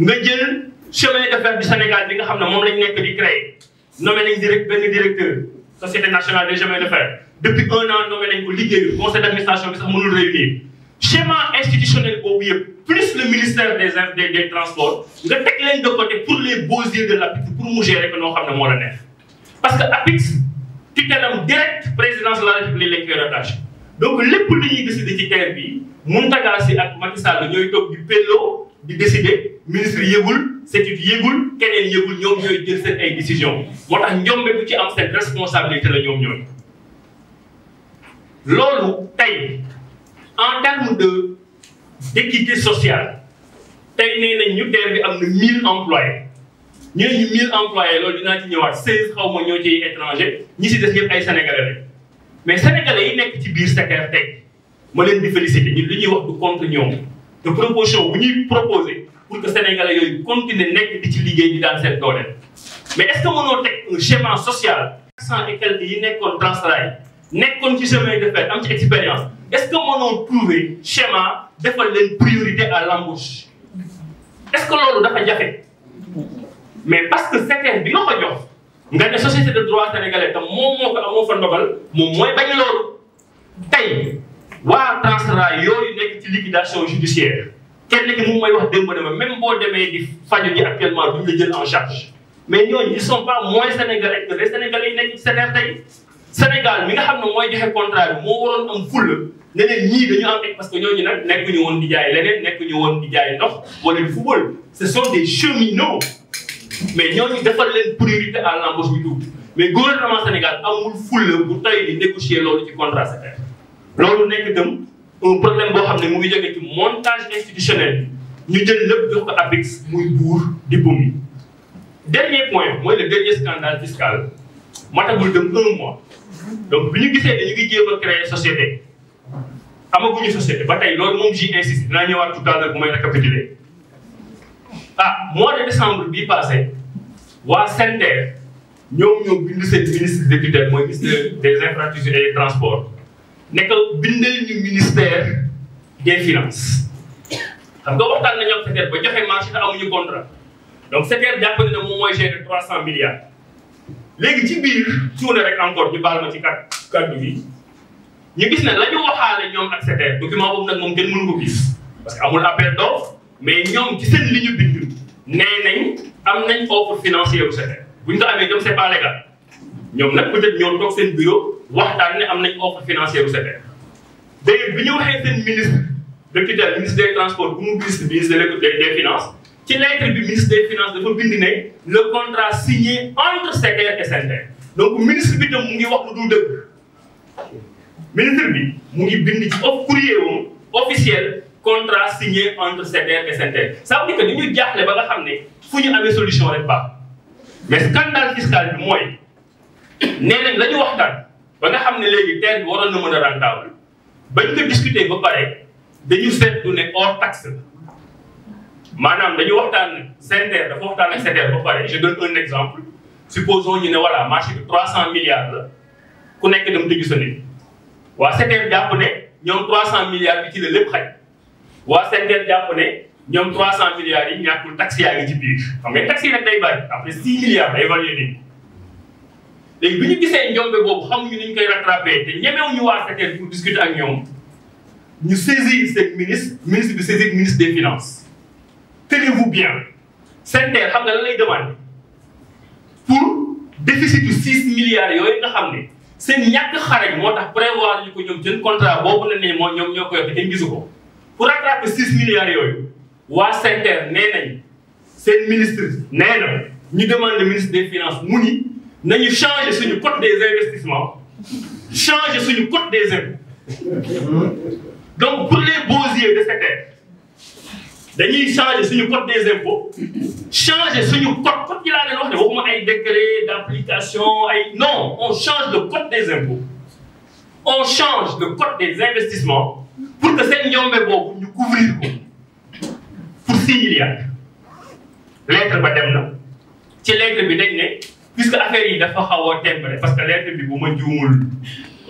nga jël chemin de fer du Sénégal bi nga xam ne moom lañ nekk di CREI nommé nañ direct benn directeur société nationale des chemins de fer depuis un an nommé liggéey conseil d' sax mënul réunir. schéma institutionnel boobu yëpp plus le ministère des des des transports nga teg leen de pour les pour mu gérer moo la neex parce que APIX tutelle am direct présidence la la République lañ koy rattaché donc lépp lu ñuy décider ci terre bi Mountaga Sy ak Macky Sall ñooy di pelloo di décider ministre yëgul statut yëgul keneen yëgul ñoom ñooy jël seen ay décision moo tax njombe bu ci am seen responsabilité la ñoom ñooy loolu tey en terme de d'équité sociale tey nee nañ ñu bi am na 1000 employés ñu ne ñu 1000 loolu dinaa ci ñëwaat 16 xaw ma ñoo ciy étranger ñi si des ñëpp ay sénégalais lañ mais sénégalais yi nekk ci biir Sénégal tey ma leen di féliciter ñun li ñuy wax du contre ñoom te proposition bu ñuy proposer pour que sénégalais yooyu continuer nekk ci liggéey di daan seen dooleel. mais est-ce que mënoo teg un schéma social. cent et quelques yi nekkoon Transrail nekkoon ci chemin de am ci expérience. est-ce que mënoon trouver defal leen priorité à l'embauche est-ce que dafa jafe mais parce que secteur bi nga ko jox nga ne société de droit sénégalais tam moom moo ko amoo fa ndogal moom mooy bañ tey waa Transra yooyu nekk ci liquidation judiciaire kenn ki mu may wax démb dama même boo actuellement duñ la en charge mais ñooñu ils sont pas moins sénégalais que les sénégalais yi tey Sénégal mi nga xam ne mooy joxe contrat moo waroon am fulla ne leen ñii dañu am ek parce que ñooñu nag nekkuñu woon di jaay nekk ñu woon di jaay ndox wala di football ce sont des cheminots mais ñooñu defal leen priorité à l'embauche bi tuuti mais gouvernement Sénégal amul fulla bu tay di négocier loolu ci contrat secret loolu nekk dem un problème boo xam ne mu ngi jóge ci montage institutionnel ñu jël lépp jox ko APIX muy buur di bumi dernier point mooy le dernier scandale fiscal matagul dem un donc bi ñu gisee ne ñu ngi jéem a créer société amaguñu société ba tey loolu moom j'y insiste dinaa ñëwaat tout à l'heure bu may récapituler ah mois de décembre bii passé waa SENDER ñoom ñoo bind seen ministre de tutelle mooy ministre des infrastructures et des transports nekk bindal ñu ministère des finances xam nga waxtaan nañu ak SENDER ba joxe marché te amuñu na moom mooy gérer trois cent milliards léegi ci biir tuuna rek encore ñu baal ma ci kat kaddu bi ñu gis ne la ñu waxaale ñoom ak SETER document boobu nag moom kenn mënu ko gis parce que amul appel d'offre ñoom ci li ñu bind nee am nañ offre financière bu SETER buñ ko amee ñoom c'est pas légal ñoom nag peut-être ñoo toog seen bureau waxtaan ne am nañ offre financière bu SETER d'ailleurs bi ñu waxee seen ministre de tutelle ministre des transports bu mu gis ministre des des finances ci lettre bi ministre des finances dafa bind ne le contrat signé entre SEDER et donc ministre bi tam mu ngi wax lu dul ministre bi mu ngi bind ci of courrier wam officiel contrat signé entre SEDER et SENTER ça veut dire que dañuy jaaxle ba nga xam ne fu ñu amee solution rek baax mais scandale fiscal bi mooy nee nañ la ñu waxtaan ba nga xam ne léegi terre bi waroon na mën a rentable bañ ko discuter ba pare dañu seetlu ne hors taxe maanaam dañu waxtaan SEN'TER dafa waxtaan ak SETER ba pare je donne un exemple supposons ñu ne voilà marché bi 300 milliards la ku nekk dem tëju sa nit waa SETER jàpp ne ñoom 300 milliards bi ci la lépp xaj waa SEN'TER jàpp ne ñoom 300 milliards yi ñàkkul taxes yaa ngi ci biir xam nga taxes yi nag day bari après 6 milliards day évalué nii bi ñu gisee njombe boobu xamuñu ni ñu koy rattrapé te ñemewuñu waa SETER pour discuter ak ñoom ñu saisir seen ministre ministre bi saisir ministre des tenez-vous bien SENTER xam nga lan lay demandé pour déficit yu 6 milliards yooyu nga xam ne seen ñàkk xarañ moo tax prévoir ñu ko ñoom jën contrat boobu la ni moo ñoo ñoo ko yokk te gisu ko pour rattraper 6 milliards yooyu waa SENTER nee nañ seen ministre nee na ñu demande ministre des finances mu ni nañu changer suñu code des investissements changer suñu code des impôts donc pour les beaux de SENTER dañuy changer suñu code des impôts changer suñu code code yi laa leen wax ne waxuma ay décret d'application ay non on change le code des impôts on change le code des investissements pour que seen njombe boobu ñu couvrir ko pour six milliards lettre ba na ci bi dañ ne puisque affaire yi dafa xaw a tembale parce que lettre bi bu ma juumul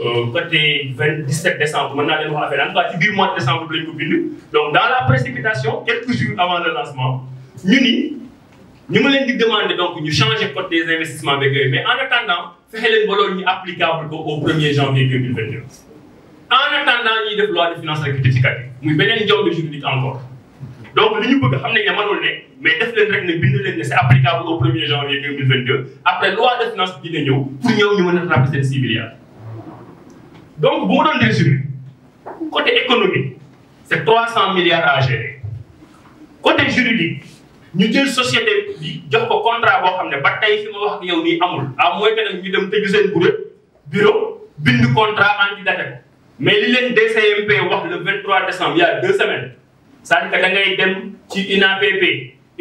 Euh, côté vingt dix sept décembre mën naa leen wax affaire en tout mois de décembre bi lañ ko bind. donc dans la précipitation quelques jours avant le lancement ñu ni ñu ngi leen di demander donc ñu changer code des investissements beeg yooyu mais en attendant fexe leen ba loolu ñu applicable ko au premier janvier deux mille vingt et un def loi de finances rectificative muy beneen jaww ji juridique encore. donc li ñu bëgg xam nañ ne mënul mais def leen rek ne bind leen ne de finances dina ñëw donc bu ma doon résumer côté économique c'est trois cent milliards age gérer côté juridique ñu jël société bi jox ko contrat boo xam ne ba tey fi ma wax ak yow nii amul à moins que nag ñu dem tëju seen bureau bureau bind contrat antidaté ko mais li leen DCMP wax le 23 décembre il y a deux semaines c'est-à-dire que dem ci INAPP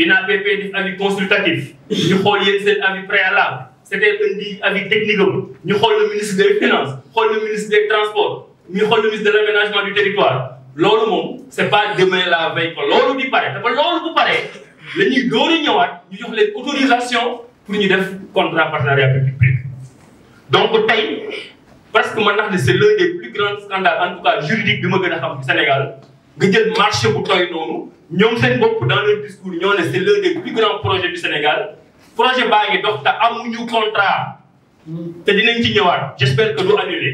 INAPP def avis consultatif ñu xool yéen avis préalable c'était que di avis technique ñu xool le ministre des finances xool le ministre des transports ñu xool le ministre de l'aménagement du territoire loolu moom c'est pas demain la veille quoi loolu di pare dafa loolu bu paree la ñuy ñëwaat ñu jox leen autorisation pour ñu def contrat partenariat public privé donc tey parce que man nax ne c'est l'un des plus grands scandales en tout cas juridique bi ma gën a xam ci Sénégal nga jël marché bu tooy noonu ñoom seen bopp dans leur discours ñoo ne c'est l'un des Sénégal projet baa ngi dox te ñu contrat te dinañ ci ñëwaat j'espère que du annulé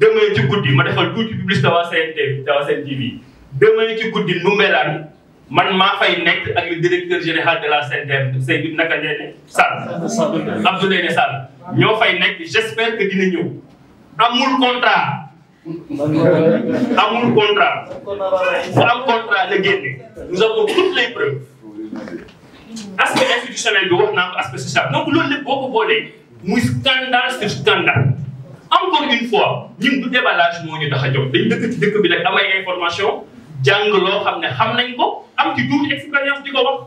demain ci guddi ma defal tuuti publicité waa CNT waa Sen TV demain ci guddi Ndoumbélane man maa fay nekk ak le directeur général de la CNT Seydou naka Ndeye Sall Abdoulaye Sall ñoo fay nekk j'espère que dina ñëw amul contrat amul contrat bu am contrat la génne nous avons toutes les preuves aspect institutionnel bi wax naa ko aspect social donc loolu lépp boo ko boolee muy scandale sur scandale encore une fois ñun du déballage moo ngi tax a jóg dañ dëkk ci dëkk bi nag am ay information jàng loo xam ne xam nañ ko am ci tuuti expérience di ko wax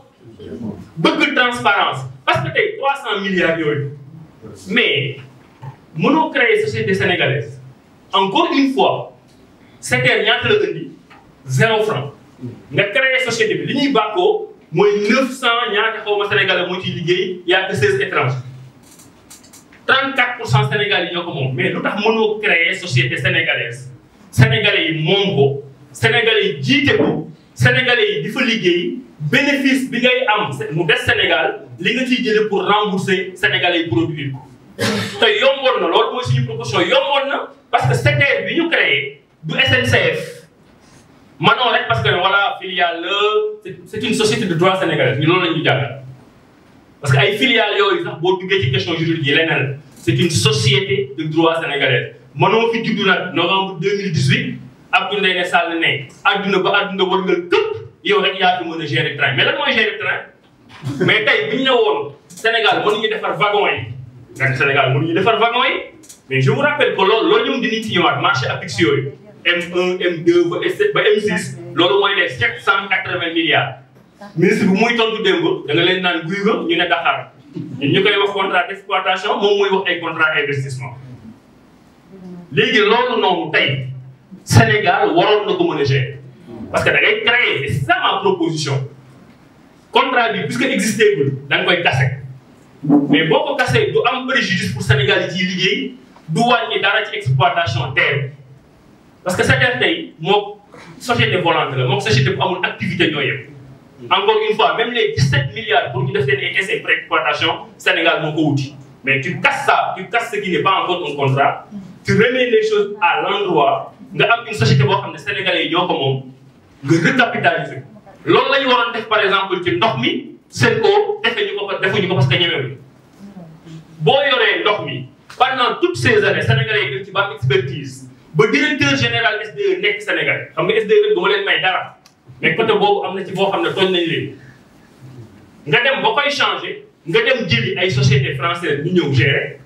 bëgg transparence parce que tey trois cent milliards yooyu mais mënoo créer société sénégalaise encore une fois secteur ñaata la indi zéro franc nga créer société bi li ñuy bàkkoo mooy neuf cent ñaata xaw ma sénégalais moo ciy liggéey y a que seize étrangers pour cent sénégalais yi ñoo ko moom mais lu tax mënoo créer société sénégalaise sénégalais yi moom ko yi jiite ko sénégalais yi di fa liggéey bénéfice bi ngay am mu des Sénégal li nga ciy jëlee pour rembourser sénégalais yi produire te yomboon na loolu mooy suñu proposition yomboon na parce que secteur bi ñu créé du SNCF. manoo rek parce que voilà filiale la c'est une société de droit sénégalaise ñu loolu la ñu jàngal parce que ay filiales yooyu sax boo duggee ci question juridique yi leneen c'est une société de droit sénégalaise manoo fi juddu nag novembre 2018 Abdou Ndeye Sall ne adduna ba adduna wërngal këpp yow rek yaa fi mën a gérer train mais lan mooy gérer mais tey bu ñu ne woon Sénégal mënuñu defar wagon defar wagon yi mais je vous rappelle que loolu loolu ñoom dinañ m M2 ba M7 loolu mooy les sept cent quatre vingt milliards. ministre bi muy tontu démb da nga leen naan guy ga ñu ne Dakar ñun ñu koy wax contrat exploitation moom mooy wax ay contrat investissement. léegi loolu noonu tey Sénégal waroon na ko mën a parce que da ngay créer c'est ça proposition contrat bi puisque existé gul da nga koy kase mais boo ko kasee du am préjudice pour Sénégal yi liggéey du wàññi dara exploitation terre. parce que SETER tey moom société volante la moom société bu amul activité ñoo yem. encore une fois même les 17 milliards pour ñu def leen ay essais pré-exploitation mais tu casses ça tu casses qui n'est pas encore un contrat. tu remets les à l'endroit nga am une société boo xam ne sénégalais yi ñoo ko moom nga recapitaliser loolu la par exemple ci ndox mi seen ko defee ñu ko defuñu ko parce que ñemewuñu boo yoree ndox mi pendant toutes ces ba directeur général SDE nekk Sénégal xam nga SDE du ma leen may dara mais côté boobu am na ci boo xam ne tooñ nañ leen nga dem ba koy changé nga dem jëli ay société française ñu ñëw gérer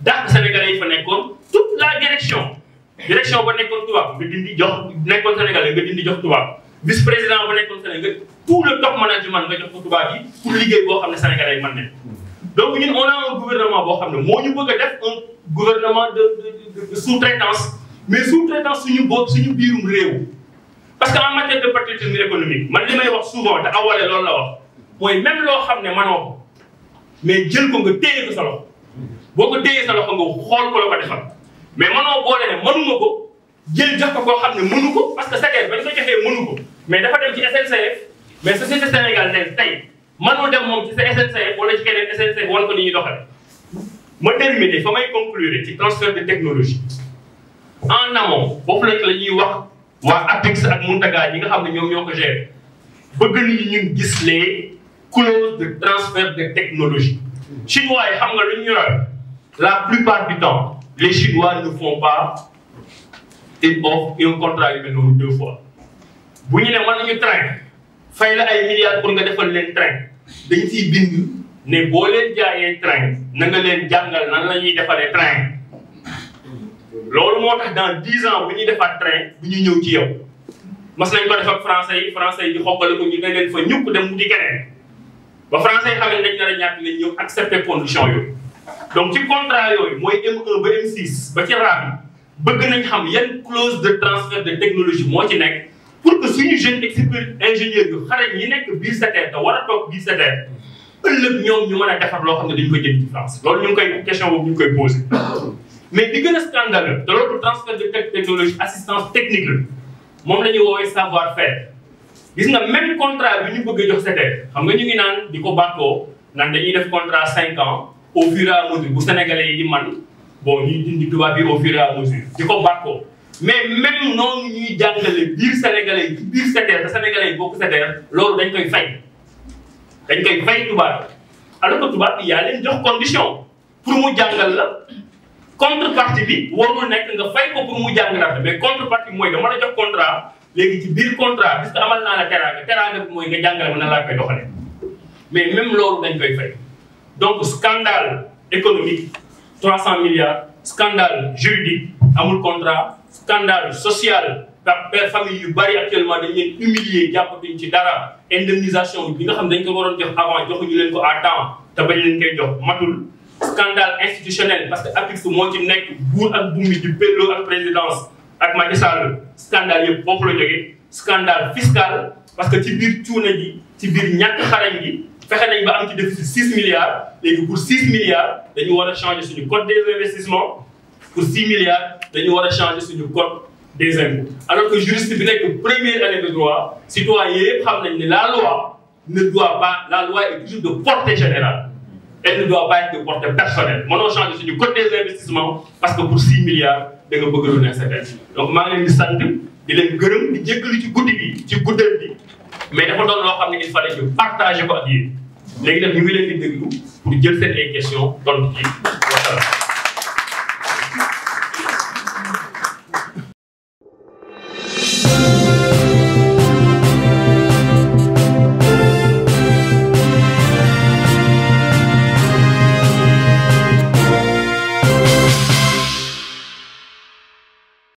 dàq sénégalais yi fa nekkoon toute la direction direction ba nekkoon tubaab nga dindi jox nekkoon sénégalais nga dindi jox tubaab vice président ba nekkoon Sénégal nga tout le top management nga jox ko tubaab yi pour liggéey boo xam ne sénégalais yi mën nañ donc ñun on a un gouvernement boo xam ne moo ñu bëgg a def un gouvernement de de de mais sous-traitance suñu bopp suñu biirum réew parce que en matière de patriotisme économique man li may wax souvent te awale loolu la wax mooy même loo xam ne manoo ko mais jël ko nga téye sa loxo boo ko téyee sa loxo nga xool ko la ko mais manoo boole ne mënuma ko jël jox ko koo xam ne mënu ko parce que SEDEF bañ ko mais dafa dem ci SNCF mais société Sénégal ne tey mënoo dem moom ci sa SNCF wala ci keneen SNCF wan ko ñuy doxale ma terminer fa may conclure ci transfert de technologie en amont boobu nag la ñuy wax waa APEX ak Mountaga ñi nga xam ne ñoom ñoo ko bëgg nañu ñun gis les clauses de transfert de technologie. chinois yi xam nga lu ñu yore la plupart du temps les chinois ne font pas une offre et un contrat yu bu ñu ne mën nañu train fay la ay milliards pour nga defal leen train dañ ciy bind ne boo leen jaayee train na nga leen jàngal nan la ñuy defalee train. loolu moo tax dans dix ans bu ñuy defaat train bu ñuy ñëw ci yow mas nañ ko def ak yi français yi ñu xobbale ko ñu dem wuti keneen ba français yi dañ nar a ñàkk nañ ñëw accepter condition yooyu. donc ci contrat yooyu mooy M1 ba m ba ci raam yan clause de transfert de technologie moo ci nekk pour que suñu jeune expert ingénieur yu xarañ yi nekk biir SETER te war ñu mën a defar loo xam ne dañu koy jënd ci loolu ñu ngi koy question boobu ñu ngi koy posé. mais di gën a scandaleux de l'autre transfert de technologie assistance technique moom la ñuy woowee savoir faire gis nga même contrat bi ñu bëgg a jox SETEC xam nga ñu ngi naan di ko bàkkoo naan dañuy def contrat cinq ans au fur et à bu sénégalais yi di man bon ñuy dindi tubaab yi au fur et à mesure di ko bàkkoo mais même noonu ñuy jàngale biir sénégalais yi biir SETEC te sénégalais yi bokk SETEC loolu dañ koy fay dañ koy fay tubaab alors que tubaab bi yaa leen jox condition pour mu contrepartie bi warul nekk nga fay ko pour mu jàng dara mais contrepartie bi mooy dama la jox contrat léegi ci biir contrat puisque amal naa la teraanga teraanga bi mooy nga jàngale ma na laa koy doxalee mais même loolu dañ koy fay donc scandale économique 300 milliards scandale juridique amul contrat scandale social da père famille yu bari actuellement dañ leen humilier jàppatuñ ci dara indemnisation bi nga xam dañ ko waroon jox avant joxuñu leen ko à temps te bañ leen koy jox matul scandale institutionnel parce que APIX moo ci nekk buur ak bummi di belloo ak présidence ak Macky Sall scandale yëpp foofu la jógee scandale fiscal parce que ci biir cuuna ji ci biir ñàkk xarañ gi fexe nañ ba am ci déficit 6 milliards léegi pour 6 milliards dañu war a changer suñu code des investissements pour 6 milliards dañu war a changer suñu code des impôts alors que juriste bi nekk première droit citoyen yëpp xam nañ ne la loi ne doit pas la loi est toujours de portée générale elle ne doit pas être de portée personnelle mënoo changer suñu code des investissements parce que pour 6 milliards da nga bëgg lu SFS donc maa ngi leen di di leen gërëm di jéggalu ci guddi bi ci guddal bi mais dafa doon loo xam ne il fallait ñu partager ko ak yéen léegi nag ñu ngi leen di déglu pour jël seen ay questions tontu ci wasalaam.